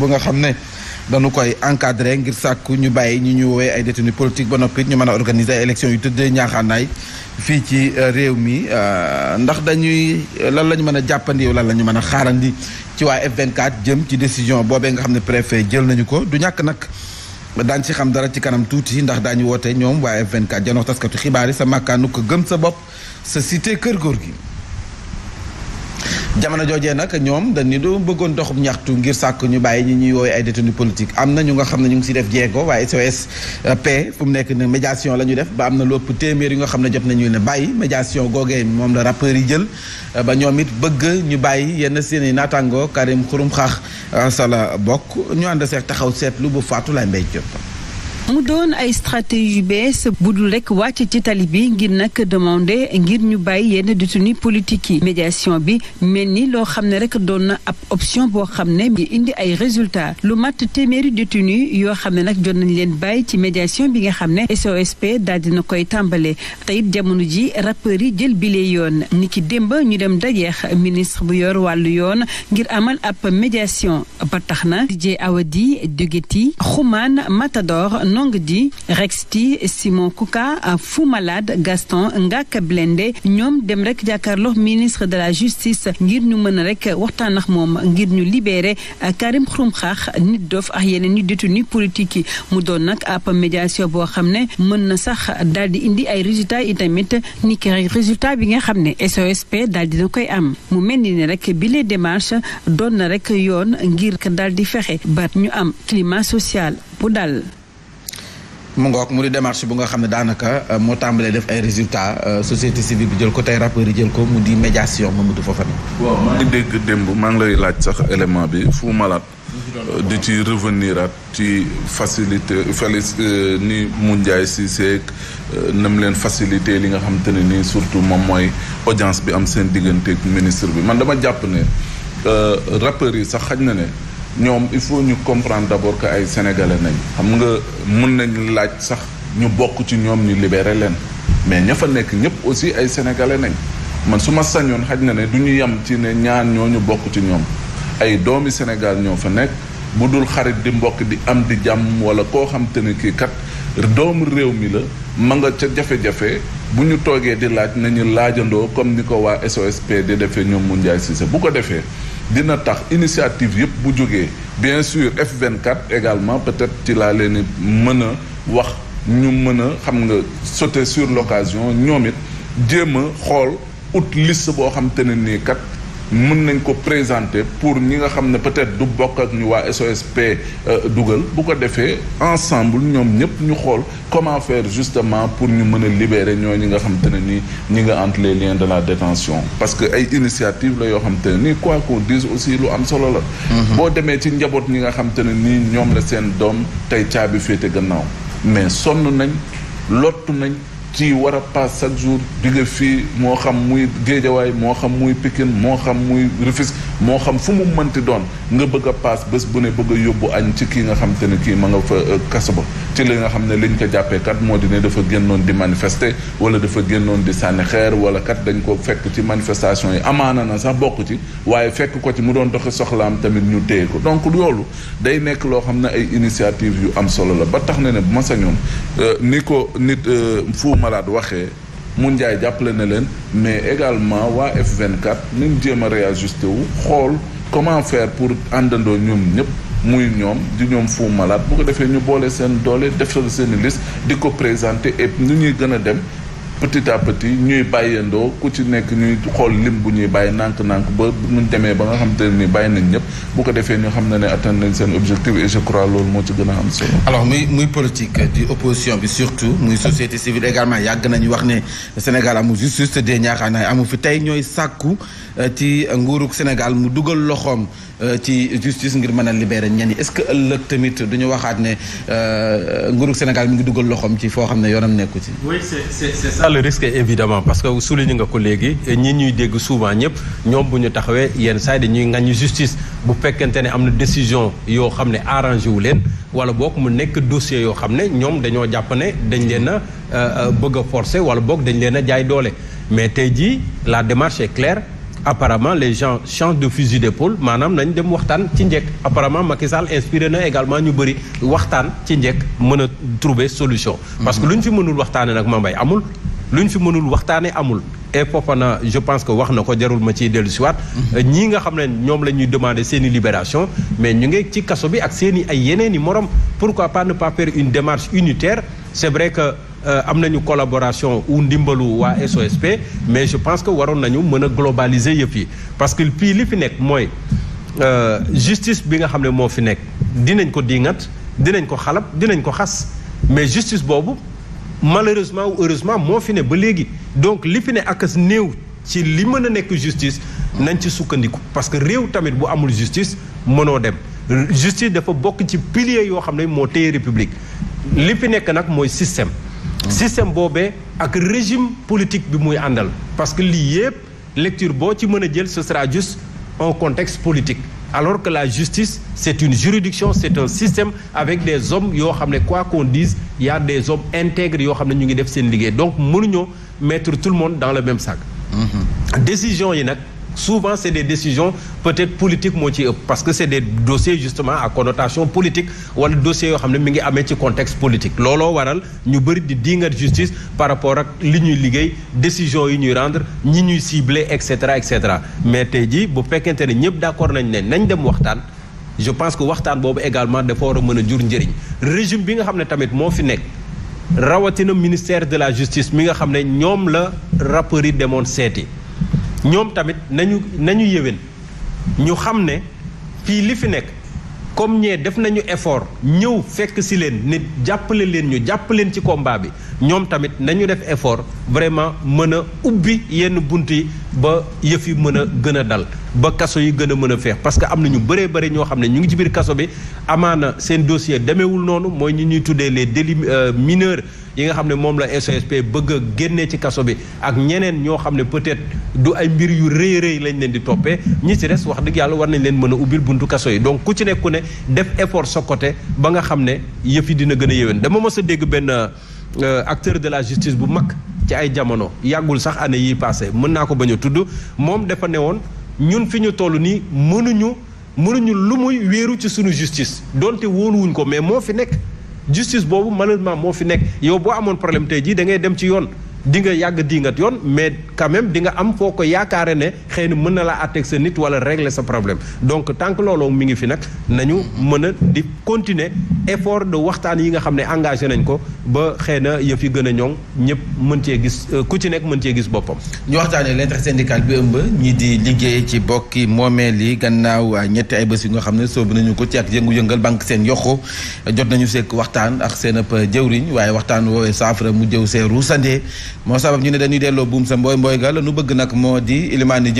bu nga xam ne danu koy encadré ngir sàkku ñu bàyyi ñu ñu woowee ay détenus politique ba noppi ñu mën a organiser ay élections yu tëddee ñaaxaanaay fii ci euh, réew mi euh, ndax dañuy lan lañu ñu mën a jàppandi lan la ñu mën a xaarandi ci waa F24 jëm ci décision boobee nga xam ne préfet jël nañu ko du ñàkk nag. daañ ci xam dara ci kanam tuuti ndax daañu woote ñoom waa F24 janoo taskatu xibaar yi sa màkkaanu ko gëm sa bopp sa cité kër góor gi jamono joojee nag ñoom dañ ni doo bëggoon doxub ñaxtu ngir sàkk ñu bàyyi ñu ñuy woowee ay détenu politique am na ñu nga xam ne ñu ngi si def jéego waaye SOS eh, P fu nekk ne médiation la ñu def ba am na lu téeméer yi nga xam ne jot nañu ne bàyyi médiation googee moom la rappeurs yi jël eh, ba ñoom it bëgg ñu bàyyi yenn seeni naataango Karim Xurum Xaax eh, sa la bokk ñu ànd seek taxaw seetlu bu Fatou lay mbay jot mu doon ay stratégie yu bees budul rek wàcc ci tali bi ngir nag demandé ngir ñu bàyyi yenn détenu politique yi médiation bi mel ni loo xam ne rek doon na ab option boo xam ne ngi indi ay résultats lu mat téeméeri détenu yoo xam ne nag jot nañ leen bàyyi ci médiation bi nga xam ne SOSP daal dina koy tàmbale te it jamono ji rappeurs yi jël bile yoon niki ki ñu dem dajeex ministre bu yor wàllu yoon ngir amal ab médiation ba tax na DJ Awadi Dugeti Xuman Matador Longdi, Rexti, Simon Kouka, Fou Malade, Gaston Ngak Blende Nyom dem rek ministre de la justice ngir ñu mën rek ngir ñu libéré Karim Xrum Nidof, nit dof détenu politique yi mu doon nag ab médiation sax indi ay résultats itamit ni résultat bi nga SOSP Daldi dina am mu mel ni ne rek bi les na rek ngir am climat social bu dal mu ngoog mu di démarche bu nga xam ne daanaka euh, moo tàmbalee def ay résultat euh, société civile bi jël ko tey rappeurs yi jël ko mu di médiation Mamadou Fofana. waaw maa ngi dégg démb maa ngi lay laaj sax élément bi Fou Malade. Euh, di ci revenir at ci facilité falis ni mu si Cissé nam leen facilité li nga xam te ne nii surtout moom mooy audience bi am seen digganteeg ministre bi man dama jàpp ne rappeurs yi sax xaj na ne. ñoom il faut ñu comprendre d'abord que ay sénégalais nañ xam nga mun nañu laaj sax ñu bokk ci ñoom ñu libéré leen mais ña fa nekk ñëpp aussi ay sénégalais nañ man su ma sañoon xaj na ne du ñu yem ci ne ñaan ñoo ñu bokk ci ñoom ay doomi Sénégal ñoo fa nekk bu dul xarit di mbokk di am di jàmm wala koo xam te ne kii kat doomu réew mi la ma nga ca jafe-jafe bu ñu toogee di laaj nañu laajandoo comme ni ko waa SOSP di defee ñoom mun njaay Cissé bu ko defee dina tax initiative yëpp bu bien sûr F24 également peut-être ci la leen ni wax ñu mën xam nga sauter sur l'occasion ñomit it xol out liste bo xam tane ni kat mën nañ ko présenter pour ñi nga xam peut-être du bokk ak ñu waa SOSP euh, dugal bu ko defee ensemble ñoom ñëpp ñu xool comment faire justement pour ñu mën libérer ñoo ñi nga xam te ne ñi nga entre les liens de la détention parce que ay initiative la yoo xam ne quoi qu'on dise aussi lu am solo la mm-hmm. boo demee ci njaboot ñi nga xam te ne nii ñoom la seen doom tey caabi féete gannaaw mais sonn nañ lottu nañ ci war a paas chaque jour jóge fii moo xam muy géejawaay moo xam muy Pikine moo xam muy Rufisque moo xam fu mu mënti doon nga bëgg a paas bés bu ne bëgg yóbbu añ ci kii nga xam te ne kii ma nga fa euh, kaso ba ci li nga xam ne li liñ ko jàppee kat moo di ne dafa génnoon di manifester wala dafa génnoon di sànni xeer wala kat dañ ko fekk ci manifestation yi amaana na sax bokk ci waaye fekk ko ci mu doon doxi soxlaam tamit ñu téye ko donc loolu day nekk loo xam ne ay initiative yu am solo la ba tax na ne bu ma sañoon euh, ni ko nit euh, Fou Malade waxee mun njaay jàppale na leen mais également waa F24 nañ jéem a réajusté wu xool comment faire pour àndandoo ñoom ñëpp muy ñoom di ñoom fu malade bu ko defee ñu boole seen doole defal seen i di ko présenter et ñu ñuy gën a dem petit à petit ñuy bàyyandoo ku ci nekk ñuy xool lim bu ñuy bàyyi nànk-nànk ba nuñ demee ba nga xam te ni bàyyi nañ ñëpp bu ko defee ñu xam ne ne atteindre nañ seen objectif et je crois loolu moo ci gën a am solo. alors muy muy politique di opposition bi surtout muy ah. société civile également yàgg nañu wax ne Sénégal amul justice te dee ñaaxaanaay amu fi tey ñooy sàkku euh, ci nguurug Sénégal mu dugal loxoom. Euh, ci justice ngir mën libérer libéré est-ce que ëlëk tamit duñu waxaat ne euh, nguurug Sénégal mi ngi duggal loxoom ci fo xamné yoonam nekku ci. oui c'est c'est ça ah, le risque évidemment parce que souligné nga ko légui ñi ñuy dégg souvent ñëpp ñom buñu taxawé yeen yenn saa yi dañuy justice bu fekkente né amna décision yo xamné ne arrangé wu leen wala bok mu nekk dossier yo xamné ñom ñoom dañoo jàpp ne dañ leen euh, bëgg forcer wala bok dañ leen jaay doolé mais tay ji la démarche est claire apparemment les gens changent de fusil d'épaule manam nañ dem waxtaan ci njëkk apparemment Macky Sall inspiré na également ñu bëri waxtaan ci njëkk mëna trouver solution. parce que mhm. luñ fi mënul waxtane nak Mambay amul. luñ fi mënul waxtane amul. et Fofana je pense que wax na jarul ma ciy ci wat ñi nga xam ne lañuy demander seen libération mais ñu ngi ci kasso bi ak seen ay yeneen morom pourquoi pas ne pas faire une démarche unitaire c'est vrai que. Euh, amener une collaboration ou ndimbalu waa SOSP mais je pense que waron nañu globaliser yëpp parce que le li fi nekk mooy euh, justice bi nga xam ne moo fi nekk dinañ ko diingat dinañ ko dinañ ko mais justice bobo malheureusement ou heureusement moo fi ne ba donc li fi ne ak as néew ci li meuna nek justice nañ ci soukandiku parce que rew tamit bu amul justice meuno dem justice dafa bok ci pilier yo xamné mo moo téye république li fi nek nak moy système système bobé ak régime politique bi Andal. parce que l'IEP, lecture bo ce sera juste un contexte politique alors que la justice c'est une juridiction c'est un système avec des hommes quoi qu'on dise il y a des hommes intègres yo xamné ñu ngi def donc mettre tout le monde dans le même sac mm-hmm. décision yi souvent c'est des décisions peut-être politiques parce que c'est des dossiers justement à connotation politique wala dossiers qui à mettre mi ngi contexte politique Lolo waral ñu bëri di de justice par rapport à li ñuy décision yi ñuy rendre ñi ñuy cibler etc. etc. mais tey jii bu fekkente ne ñëpp d'accord nañ ne nañ je pense que nous avons également de war de jur njëriñ régime bi nga xam tamit le ministère de la justice nous nga xam ne la rapport yi ñoom tamit nañu nañu yëwén ñu xam ne fii li fi nekk comme ñee def nañu effort ñëw fekk si leen nit jàppale leen ñu jàpp leen ci combat bi ñoom tamit nañu def effort vraiment mën a ubbi yenn bunt yi ba yëf yi mën a gën a dal ba kaso yi gën a mën a feex parce que am na ñu bëree bëri ñoo xam ne ñu ngi ci biir kaso bi amaana seen dossier demeewul noonu mooy ñu ñuy tuddee les délits euh, mineurs yi nga xam ne moom la SOSP bëgg a génnee ci kaso bi ak ñeneen ñoo xam ne peut-être du ay mbir yu rëy rëy lañ leen di toppee ñi ci res wax dëgg yàlla war nañ leen mën a ubbil buntu kaso yi donc ku ci nekku ne def effort sa côté ba nga xam ne yëf yi dina gën a yéwén dama mës a dégg benn. Euh, acteur de la justice bu mag ci ay jamono yàggul sax année yi passé mën naa ko bañ a tudd moom dafa ne woon ñun fi ñu toll nii mënuñu mënuñu lu muy wéeru ci sunu justice donte wóoluwuñ ko mais moo fi nekk justice boobu malheureusement moo fi nekk yow boo amoon problème tey jii da ngay dem ci yoon di nga yàgg ngat yoon mais quand même di nga am foo ko yaakaare ne xëy na mën na laa àtteeg sa nit wala régler sa problème donc tant que looloo mi ngi fi nag nañu mën a di continuer effort de waxtaan yi nga xam ne engagé nañ ko ba xëy na yëf yi gën a ñoŋ ñëpp mën cee gis euh, ku ci nekk mën cee gis boppam. ñu waxtaan waxtaanee l'intersyndicale bi ëmb ñi di liggéey ci bokki moomeel yi gannaaw euh, ñetti ay bés yu nga xam ne soobu nañu ko ci ak yëngu-yëngal banque seen yokku jot nañu sekk waxtaan ak seen ab jëwriñ waaye waxtaan woowee saafara mu jëw see ruusandee moo sabab ñu ne dañuy delloo buum sa mbooy mbooy ga la nu bëgg nag moo di ilimaan ni jëw